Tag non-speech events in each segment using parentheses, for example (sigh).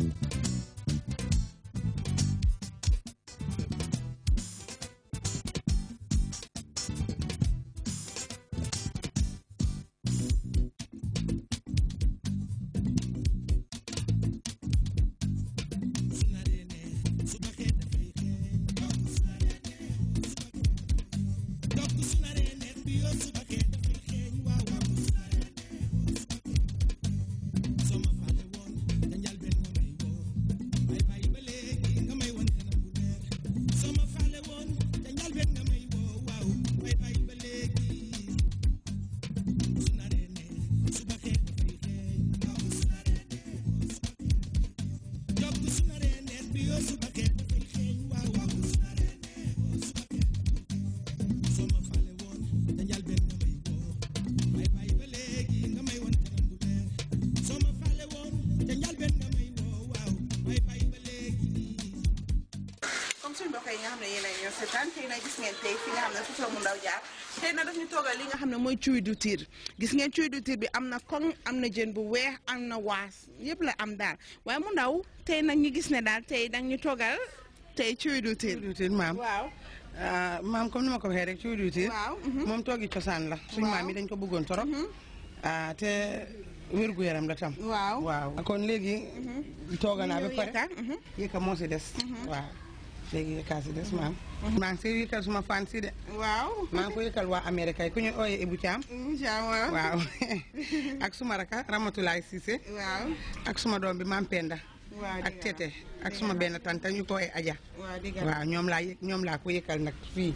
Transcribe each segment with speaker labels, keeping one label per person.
Speaker 1: Mm-hmm. tey xam na mooy cuy gis ngeen cuy bi am na koŋ am na jën bu weex am na waas yëpp la am daal waaye mu ndaw tey nag ñu gis ne daal tey nag ñu toogal tey cuy du tiir maam ah, maam comme ni ma ko waxee rek cuy du tiir mhm. moom toogi cosaan la suñ maam yi dañ ko bëggoon torop mhm. ah, te wérgu yaram la tam kon léegi mhm. tooga naa ba yëkka moo des léegi yëkkal si des maam. maa ngi siy yëkkal suma fan de. waaw maa ngi ko yëkkal waa Amérique yi ku ñu ooyee Ibou Thiam. waaw (laughs) ak suma raka Ramatoulaye Cissé. waaw ak suma doom bi maam Penda. ak Tete ak suma benn tante ñu ko ooyee waaw ñoom laa ñoom laa ko yëkkal nag fii.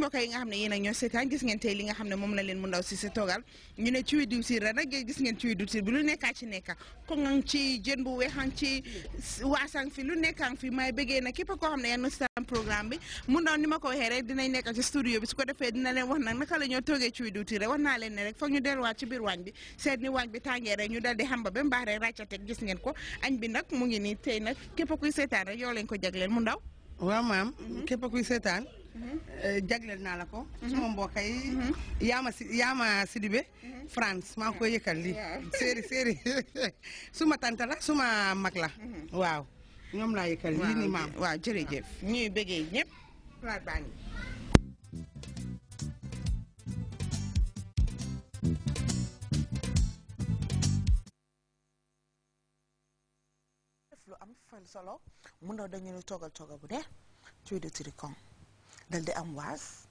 Speaker 1: mbokk yi nga xam ne yéen ak ñoo seetaan gis ngeen tey li nga xam ne moom la leen mu ndaw si lu nekkaa ci nekka ko ngang ci jën na képp koo xam ne yaa seetaan bi mu ndaw ni ma ko waxee rek dinañ nekk ci su ko defee dina leen wax nag naka la ñoo toogee ciwi diw siir rek wax naa leen ne rek foog ñu delluwaat ci biir waañ bi seet ni waañ bi tàngee rek ñu dal di xamba ba mbaax rek gis ngeen ko añ bi nag mu ngi nii tey nag képp kuy seetaan rek yoo leen ko jagleel mu ndaw waaw maam mhm. képp kuy seetaan Euh, jagleel naa la ko mhm. suma mbokk yi mhm. yaama si yaama Sidibe mhm. France maa ngi koy yëkkal lii séeri (laughs) séeri (laughs) suma tante la suma mag la waaw ñoom laa yëkkal lii ni maam waaw jërëjëf ñuy bëggee ñëpp lu am fal solo mun na dañu ni toggal toggal bu dee cuy de dal di am waas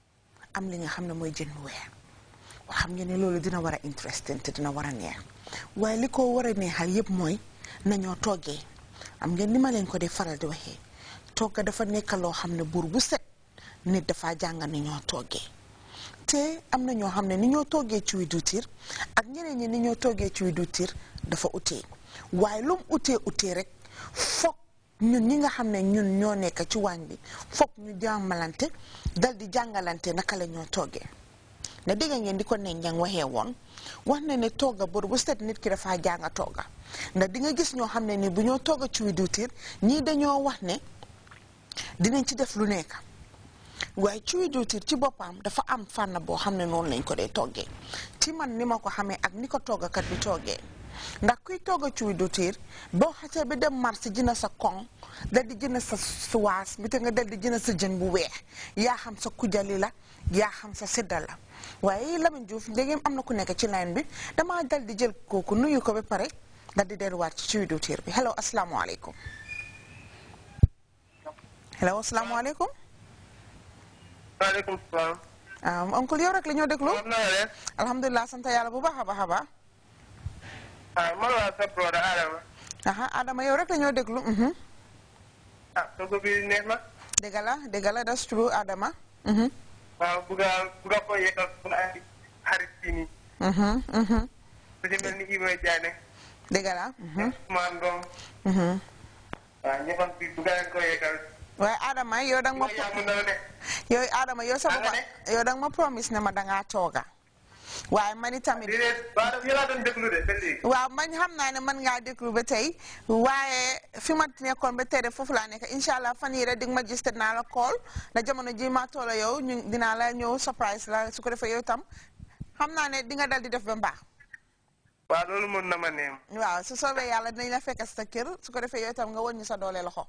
Speaker 1: am li nga xam ne mooy jën mu weex xam nga ne loolu dina war a interesting te dina war a neex waaye li ko war a neexal yëpp mooy nañoo toggee am ngeen ni ma leen ko dee faral di waxee togga dafa nekk loo xam ne buur bu set nit dafa jàng ni ñoo toggee te am na ñoo xam ne ni ñoo toggee ci wi duutiir ak ñeneen ñi ni ñoo toggee ci wi duutiir dafa utee waaye lum utee utee rek foog ñun ñi nga xam ne ñun ñoo nekk ci waañ bi fokk ñu jàmmalante dal di jàngalante naka la ñoo toggee na dégga ngeen di ko ne njang waxee woon wax na ne togga bor bu set nit ki dafaa jànga togga na di nga gis ñoo xam ne ni bu ñoo togga ci wi diwtiir ñii dañoo wax ne dinañ ci def lu nekk waaye ci wi diwtiir ci boppam dafa am fànn boo xam ne noonu lañ ko dee toggee ci man ni ma ko xamee ak ni ko toggakat bi toggee ndax kuy togg a cuy dutir boo xasee bi dem marché jënd sa koŋ dal di jën sa suwaas bi te nga dal di jën sa jën bu weex yaa xam sa kujali la yaa xam sa sidda la waaye Lamine Diouf ndegem am na ku nekk ci line bi damaa dal di jël kooku nuyu ko ba pare dal di delluwaat ci cuy dutir bi hello asalaamaaleykum hello asalaamaaleykum. waaleykum salaam. oncle um, yow rek la ñoo déglu. alhamdulilah sant yàlla bu baax a baax a baax. waaw ah, man waa sa broda Adama. aha Adama yow rek la ñoo déglu. Mhm. ah togo bi neex na. true Adama. Mhm. waaw bu nga bu nga ko mhm, waaye Adama yow da ma. yow Adama promise ne ma da ngaa waaye man itamit. waaw man xam naa ne man ngaa déglu ba tey waaye fi ma nekkoon ba tey def foofu laa nekk incha allah fan yii rek di nga gis te dinaa la call na jamono ji ma toll yow ñu dinaa la ñëw surprise la su ko defee yow tam xam naa ne di nga dal di def ba mbaax. waaw loolu mën na ma neem. waaw su soobee yàlla dinañ la fekk sa kër su ko defee yow tam nga wër ñu sa doole loxo.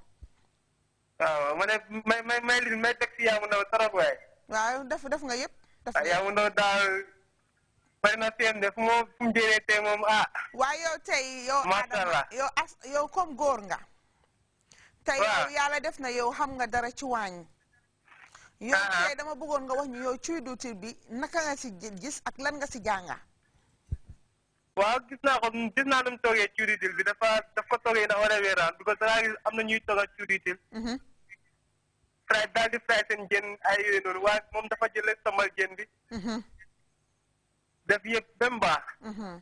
Speaker 1: waaw ma ne may may may may teg si yaamu ndaw trop waaye. waaw def def nga yëpp. Ah, bari na seen def moom fu mu jëlee tey moom ah. waaye yow tey yow. macha yow as góor nga. te yow yàlla def na yow xam nga dara ci waañ. yow ah. tey dama bëggoon nga wax ñu yow cuy bi naka nga si gis ak lan nga si jànga. waaw gis naa ko gis naa nu mu toogee cuuritil bi dafa daf ko toogee ndax war a weeraan because dangaa gis am na ñuy toog ak cuuritil mhm. fry daal di fry seen jën ay yooyu noonu waaye moom dafa jël rek sambal jën bi mhm. def yëpp ba mu baax. Mhm.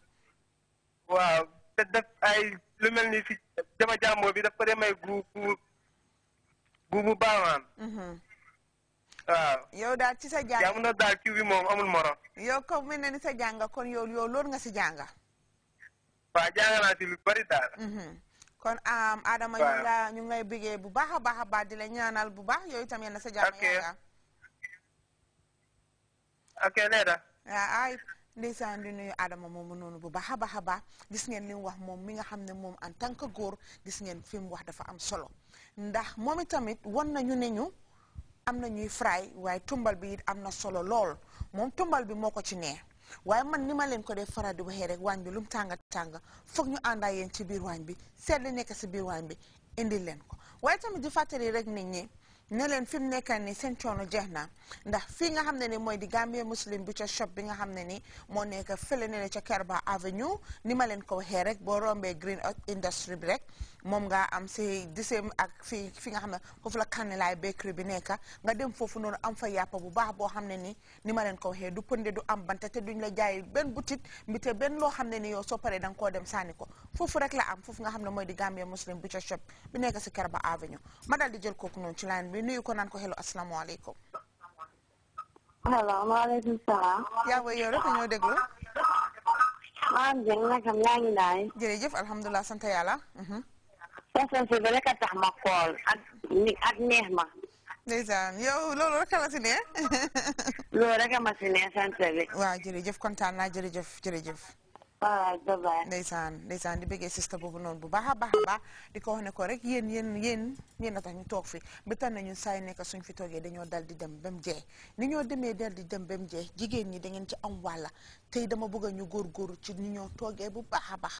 Speaker 1: waaw def ay lu mel ni fi dama jàmbur bi daf ko may gu gu gu baawaan. waaw yow daal ci sa jàng jaamu na daal kii bi moom amul morom. yow ko mel ne ni sa jàng kon yow yow loolu nga si jàng. waaw jàng naa si lu bari daal. Mhm. kon Adama ñu la ñu ngi lay bégee bu baax a baax a baax di la ñaanal bu baax yooyu itam yal na sa jàng. ok ok léegi. ndeysaan di nuyu Adama moomu noonu bu baax a baax a gis ngeen li mu wax moom mi nga xam ne moom en tant que góor gis ngeen fi mu wax dafa am solo ndax moom itamit wan nañu ne ñu am na ñuy fray waaye tumbal bi it am na solo lool moom tumbal bi moo ko ci nee waaye man ni ma leen ko dee faral di waxee rek waañ bi lu mu tàng tàng foog ñu àndaa yéen ci biir waañ bi seet li nekk si biir waañ bi indil leen ko waaye tamit di fàttali rek nit ñi ne leen fi mu nekka ni seen coono jeex na ndax fii nga xam ne ni mooy di Gambia Muslim ca Shop bi nga xam ne ni moo nekk fële ne ca Kerba Avenue ni ma leen ko waxee rek boo rombee Green Industry bi rek moom nga am si diseem ak fi fi nga xam ne foofu la Kanilai bakery bi nekk nga dem foofu noonu am fa yàpp bu baax boo xam ne ni ni ma leen ko waxee du pënde du am banta te duñ la jaay benn boutique mbite benn loo xam ne ni yow soo paree da nga dem sànni ko foofu rek la am foofu nga xam ne mooy di Gambia Muslim Butcher Shop bi nekk si Kerba Avenue ma daal di jël kooku noonu ci line bi nuyu ko naan ko hello asalaamaaleykum. maaleykum salaam. yaa ngi yow rek ñoo déglu. maa ngi jël nag am yaa sant yàlla. Mhm. concentré ba rek a tax ma xool ak ak neex ma. ndeysaan yow loolu a ma si neex. (laughs) loolu rek a ma si neex sant bi. jërëjëf kontaan naa jërëjëf jërëjëf. waaw ah, babaay. ndeysaan ndeysaan di bëggee sista boobu noonu bu baax a baax a baax di ko wax ne ko rek yéen yéen yéen yéen a tax ñu toog fi ba nañu saay ñun nekk suñ fi toogee dañoo dal di dem ba mu jeex ni ñoo demee dal di dem ba mu jeex jigéen ñi da ngeen ci am wàlla tey dama bëgg a ñu góor ci ni ñoo toogee bu baax a baax